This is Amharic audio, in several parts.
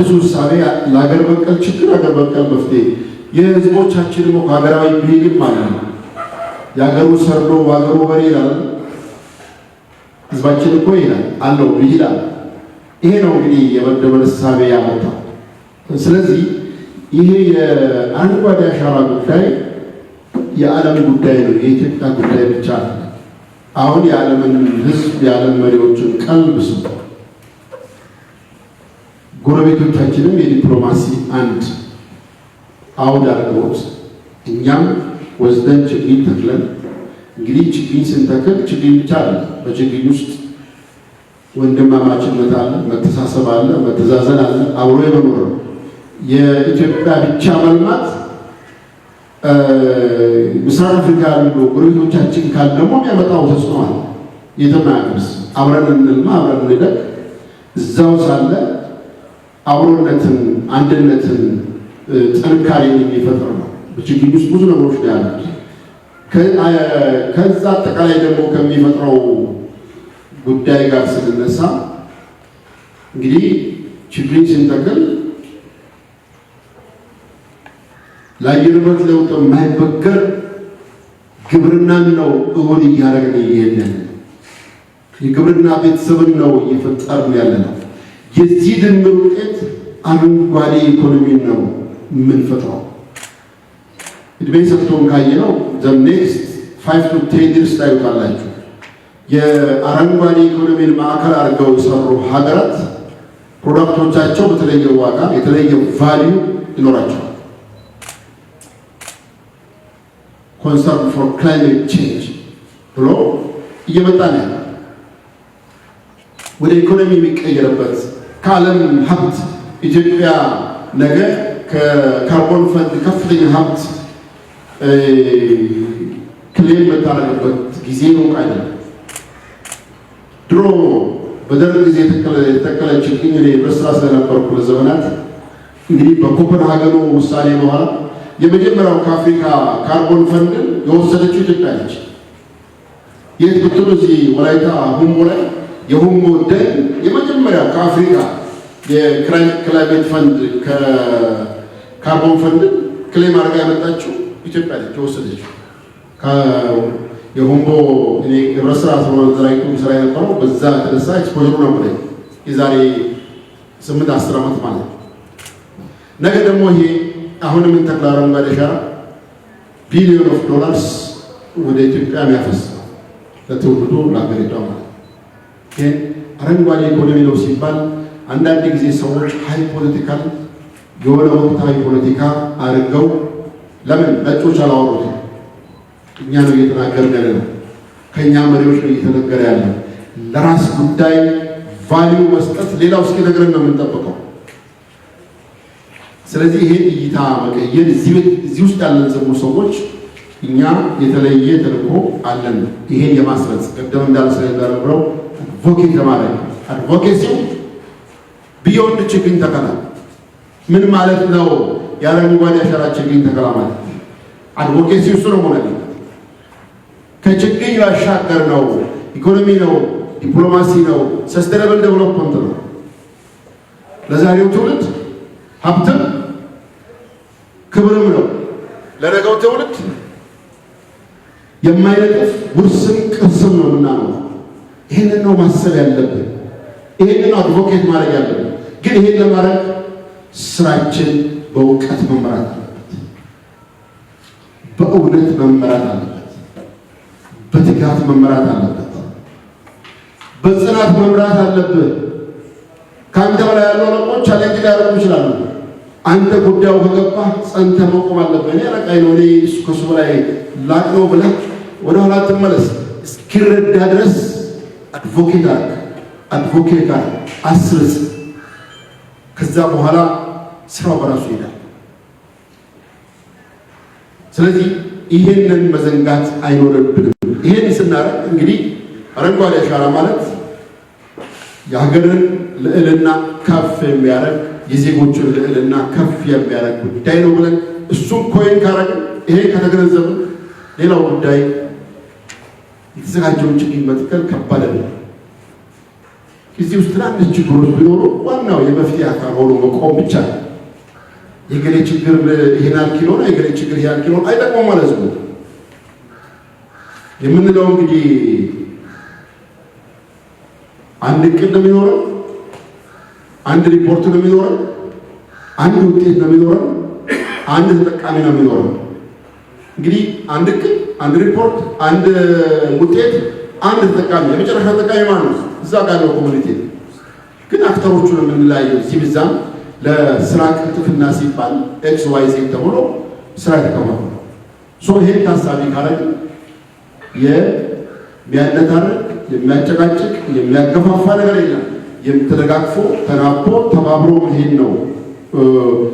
አዲሱ እሳቤ ለሀገር በቀል ችግር ሀገር በቀል መፍትሄ የህዝቦቻችን ሞ ሀገራዊ ብሄድም ማለት ነው። የሀገሩ ሰርዶ በሀገሩ በሬ ይላል። ህዝባችን እኮ ይላል አለው ይላል። ይሄ ነው እንግዲህ የመደመር እሳቤ ያመጣ። ስለዚህ ይሄ የአረንጓዴ አሻራ ጉዳይ የዓለም ጉዳይ ነው፣ የኢትዮጵያ ጉዳይ ብቻ አሁን የዓለምን ህዝብ የዓለም መሪዎችን ቀልብ ስቧል። ጎረቤቶቻችንም የዲፕሎማሲ አንድ አውድ አድርገውት እኛም ወስደን ችግኝ ተክለን እንግዲህ ችግኝ ስንተክል ችግኝ ብቻ አለ። በችግኝ ውስጥ ወንድማማችነት አለ፣ መተሳሰብ አለ፣ መተዛዘን አለ፣ አብሮ የመኖር ነው። የኢትዮጵያ ብቻ መልማት ምስራቅ አፍሪካ ያሉ ጎረቤቶቻችን ካል ደግሞ የሚያመጣው ተጽዕኖ አለ። የተማያቅስ አብረን እንልማ፣ አብረን እንደግ እዛው ሳለ አብሮነትን፣ አንድነትን፣ ጥንካሬን የሚፈጥር ነው። በችግኝ ውስጥ ብዙ ነገሮች ነው ያሉት። ከዛ አጠቃላይ ደግሞ ከሚፈጥረው ጉዳይ ጋር ስንነሳ እንግዲህ ችግኝ ስንተክል ለአየር ንብረት ለውጥ የማይበገር ግብርናን ነው እውን እያደረግን ይሄንን የግብርና ቤተሰብን ነው እየፈጠርን ያለ ነው። የዚህ ድምር ውጤት አረንጓዴ ኢኮኖሚን ነው የምንፈጥረው። እድሜ ሰጥቶን ካየነው ዘ ኔክስት ፋይቭ ቱ ቴን ይርስ ታዩታላችሁ። የአረንጓዴ ኢኮኖሚን ማዕከል አድርገው የሰሩ ሀገራት ፕሮዳክቶቻቸው በተለየ ዋጋ የተለየ ቫሊዩ ይኖራቸዋል። ኮንሰርን ፎር ክላይሜት ቼንጅ ብሎ እየመጣ ነው ወደ ኢኮኖሚ የሚቀየርበት ከዓለም ሀብት ኢትዮጵያ ነገ ከካርቦን ፈንድ ከፍተኛ ሀብት ክሌም በታረገበት ጊዜ ሩቅ አይደለም። ድሮ በደርግ ጊዜ የተተከለ ችግኝ እኔ በስራ ስለነበርኩ ለዘመናት እንግዲህ በኮፐንሃገኑ ውሳኔ በኋላ የመጀመሪያው ከአፍሪካ ካርቦን ፈንድን የወሰደችው ኢትዮጵያ ነች። የት ብትሉ እዚህ ወላይታ ሁሞ ላይ የሁሞ ደን መጀመሪያ ከአፍሪካ የክላይሜት ፈንድ ካርቦን ፈንድ ክሌም አድርጋ ያመጣችው ኢትዮጵያ ላይ የወሰደች የሆምቦ ረስራ ዘራይቱ ስራ የነበረው በዛ የተነሳ ኤክስፖሩ ነበር የዛሬ ስምንት አስር ዓመት ማለት ነው። ነገ ደግሞ ይሄ አሁን የምንተክለው አረንጓዴ አሻራ ቢሊዮን ኦፍ ዶላርስ ወደ ኢትዮጵያ የሚያፈስ ለትውልዱ ለሀገሪቷ ማለት ነው። አረንጓዴ ኢኮኖሚ ነው ሲባል አንዳንድ ጊዜ ሰዎች ሀይ ፖለቲካል የሆነ ወቅታዊ ፖለቲካ አድርገው ለምን ነጮች አላወሩት እኛ ነው እየተናገርን ነው። ከእኛ መሪዎች ነው እየተነገረ ያለ። ለራስ ጉዳይ ቫሊዩ መስጠት ሌላው እስኪነግረን ነው የምንጠብቀው። ስለዚህ ይሄን እይታ መቀየር እዚህ ውስጥ ያለን ዘሙ ሰዎች እኛ የተለየ ተልእኮ አለን። ይሄን የማስረጽ ቅድም እንዳለ ስለነበረው አድቮኬት ለማድረግ አድቮኬሲው ቢዮንድ ችግኝ ተከላ ምን ማለት ነው? የአረንጓዴ አሻራ ችግኝ ተከላ ማለት አድቮኬሲው እሱ ነው ማለት ከችግኝ ያሻገር ነው። ኢኮኖሚ ነው፣ ዲፕሎማሲ ነው፣ ሰስተናብል ዴቨሎፕመንት ነው። ለዛሬው ትውልድ ሀብትም ክብርም ነው። ለነገው ትውልድ የማይነጥፍ ውርስም ቅርስም ነው ምናምን ይህንን ነው ማሰብ ያለብን። ይህንን አድቮኬት ማድረግ ያለብን። ግን ይህን ለማድረግ ስራችን በእውቀት መመራት አለበት፣ በእውነት መመራት አለበት፣ በትጋት መመራት አለበት፣ በጽናት መምራት አለብን። ከአንተ በላይ ያሉ አለቆች አለንግ ሊያደርጉ ይችላሉ። አንተ ጉዳዩ ከገባ ጸንተ መቆም አለብህ። እኔ ረቃይ ነው እኔ ከሱ በላይ ላቅ ነው ብለህ ወደ ኋላ ትመለስ እስኪረዳ ድረስ አድቮኬት አድርግ አድቮኬት አድርግ አስርጽ። ከዛ በኋላ ስራው በራሱ ይሄዳል። ስለዚህ ይሄንን መዘንጋት አይኖርብንም። ይሄን ስናረግ እንግዲህ አረንጓዴ አሻራ ማለት የሀገርን ልዕልና ከፍ የሚያደርግ የዜጎችን ልዕልና ከፍ የሚያደርግ ጉዳይ ነው ብለን እሱም ኮይን ካረግን ይሄን ከተገነዘብ ሌላው ጉዳይ የተዘጋጀውን ችግኝ መትከል ከባድ ነው። ጊዜ ውስጥ ትናንሽ ችግሮች ቢኖሩ ዋናው የመፍትሄ አካል ሆኖ መቆም ብቻ ነው። የገሌ ችግር ይህን አልኪሎን የገሌ ችግር ይህን አልኪሎን አይጠቅሙም ማለት ነው የምንለው እንግዲህ አንድ እቅድ ነው የሚኖረው፣ አንድ ሪፖርት ነው የሚኖረው፣ አንድ ውጤት ነው የሚኖረው፣ አንድ ተጠቃሚ ነው የሚኖረው። እንግዲህ አንድ እቅድ አንድ ሪፖርት፣ አንድ ውጤት፣ አንድ ተጠቃሚ። የመጨረሻ ተጠቃሚ ማለት ነው እዛ ጋር ነው ኮሚኒቲ። ግን አክተሮቹ አክተሮቹን የምንለያየው ሲብዛም ለስራ ቅልጥፍና ሲባል ኤክስ ዋይ ዜድ ተብሎ ስራ የተቀመጡ ሶ ይሄን ታሳቢ ካረግን የሚያነታርቅ የሚያጨቃጭቅ የሚያገፋፋ ነገር የለም። የምትደጋግፎ ተናቦ ተባብሮ መሄድ ነው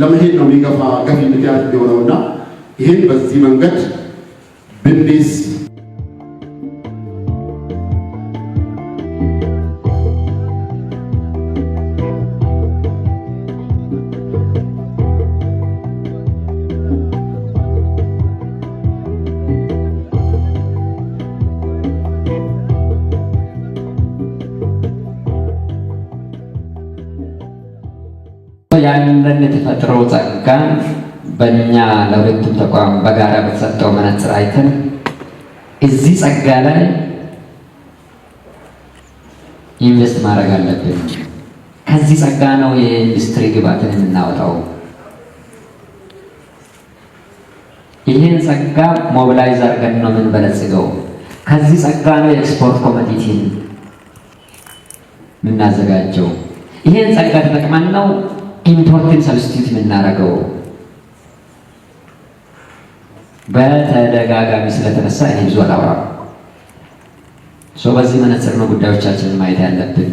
ለመሄድ ነው የሚገፋ ገፊ ምክንያት የሆነውና ይህን በዚህ መንገድ yang rendah kita terucapkan በእኛ ለሁለቱም ተቋም በጋራ በተሰጠው መነጽር አይተን እዚህ ጸጋ ላይ ኢንቨስት ማድረግ አለብን። ከዚህ ጸጋ ነው የኢንዱስትሪ ግባትን የምናወጣው። ይህን ጸጋ ሞቢላይዝ አድርገን ነው የምንበለጽገው። ከዚህ ጸጋ ነው የኤክስፖርት ኮሚዲቲን የምናዘጋጀው። ይህን ጸጋ ተጠቅመን ነው ኢምፖርትን ሰብስቲዩት የምናደርገው። በተደጋጋሚ ስለተነሳ እኔ ብዙ አላወራም። ሰው በዚህ መነጽር ነው ጉዳዮቻችንን ማየት ያለብን።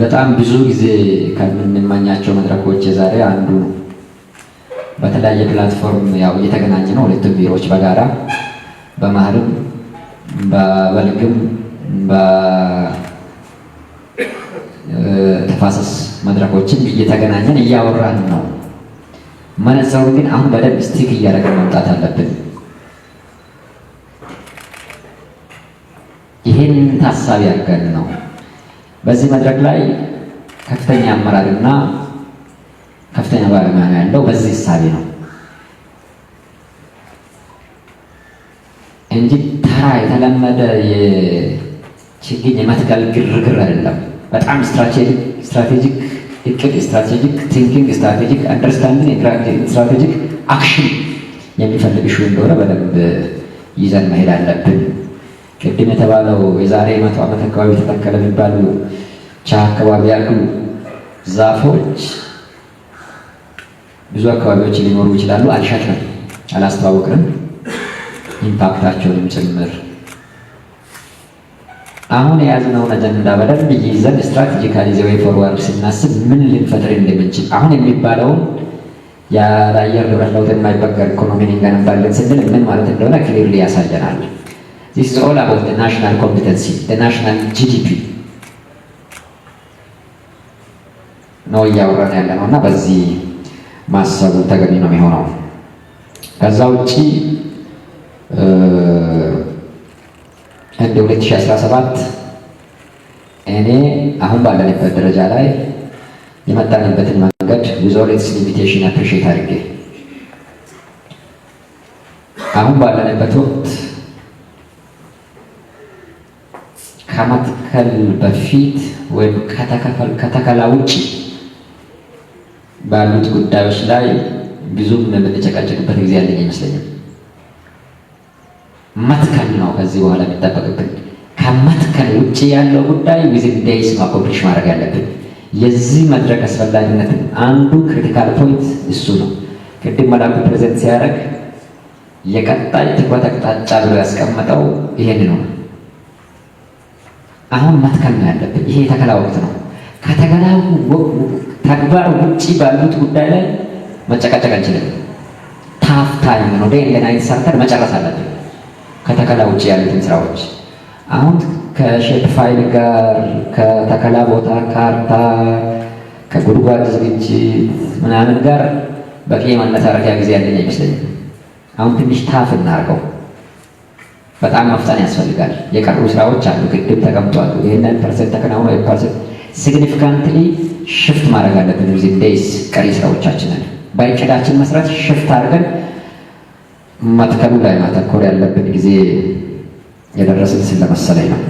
በጣም ብዙ ጊዜ ከምንማኛቸው መድረኮች የዛሬ አንዱ ነው። በተለያየ ፕላትፎርም ያው እየተገናኘ ነው ሁለቱም ቢሮዎች በጋራ በማህልም በበልግም በተፋሰስ መድረኮችን እየተገናኘን እያወራን ነው። መነጽሩን ግን አሁን በደንብ ስቲክ እያደረገ መምጣት አለብን። ይህን ታሳቢ አድርገን ነው በዚህ መድረክ ላይ ከፍተኛ አመራርና ከፍተኛ ባለሙያ ነው ያለው። በዚህ ሳቢ ነው እንጂ ተራ የተለመደ የችግኝ የመትከል ግርግር አይደለም። በጣም ስትራቴጂክ እቅድ፣ ስትራቴጂክ ቲንኪንግ፣ ስትራቴጂክ አንደርስታንዲንግ፣ ስትራቴጂክ አክሽን የሚፈልግ ሹ እንደሆነ በደንብ ይዘን መሄድ አለብን። ቅድም የተባለው የዛሬ መቶ ዓመት አካባቢ ተተከለ የሚባሉ ቻ አካባቢ ያሉ ዛፎች ብዙ አካባቢዎች ሊኖሩ ይችላሉ። አልሸጥንም፣ አላስተዋወቅንም ኢምፓክታቸውንም ጭምር አሁን የያዝነውን አጀንዳ በደንብ ይዘን ስትራቴጂካሊ ዘወይ ፎርዋርድ ስናስብ ምን ልንፈጥር እንደምንችል አሁን የሚባለውን የአየር ንብረት ለውጥ የማይበገር ኢኮኖሚን እንገነባለን ስንል ምን ማለት እንደሆነ ክሊርሊ ያሳየናል። ዚስ ኦል አባውት ናሽናል ኮምፒተንሲ ናሽናል ጂዲፒ ነው እያወራን ያለ ነው እና በዚህ ማሰቡ ተገቢ ነው የሚሆነው ከዛ ውጭ እንደ 2017 እኔ አሁን ባለንበት ደረጃ ላይ የመጣንበትን መንገድ ዊዞር ኢትስ ሊሚቴሽን አፕሪሼት አድርጌ አሁን ባለንበት ወቅት ከመትከል በፊት ወይም ከተከላ ውጭ ባሉት ጉዳዮች ላይ ብዙም የምንጨቃጨቅበት ጊዜ ያለኝ አይመስለኝም። መትከል ነው ከዚህ በኋላ የሚጠበቅብን። ከመትከል ውጭ ያለው ጉዳይ ዊዝን ዴይስ ማኮምፕሊሽ ማድረግ ያለብን። የዚህ መድረክ አስፈላጊነት አንዱ ክሪቲካል ፖይንት እሱ ነው። ቅድም መላኩ ፕሬዘንት ሲያደርግ የቀጣይ ትኩረት አቅጣጫ ብሎ ያስቀመጠው ይሄን ነው። አሁን መትከል ነው ያለብን። ይሄ የተከላ ወቅት ነው። ከተከላ ተግባር ውጭ ባሉት ጉዳይ ላይ መጨቃጨቅ አንችልም። ታፍ ታይም ነው። ዴይ ለናይት ሰርተን መጨረስ አለብን። ከተከላ ውጭ ያሉትን ስራዎች አሁን ከሼፕ ፋይል ጋር ከተከላ ቦታ ካርታ ከጉድጓድ ዝግጅት ምናምን ጋር በቂ መነታረኪያ ጊዜ ያለኝ አይመስለኝም። አሁን ትንሽ ታፍ እናርገው። በጣም መፍጠን ያስፈልጋል። የቀሩ ስራዎች አሉ፣ ግድብ ተቀምጧል። ይህንን ፐርሰንት ተከናውኖ ፐርሰንት ሲግኒፊካንትሊ ሽፍት ማድረግ አለብን። ዚ ዴይስ ቀሪ ስራዎቻችንን በእቅዳችን መስራት ሽፍት አድርገን መትከሉ ላይ ማተኮር ያለብን ጊዜ የደረስን ስለመሰለኝ ነው።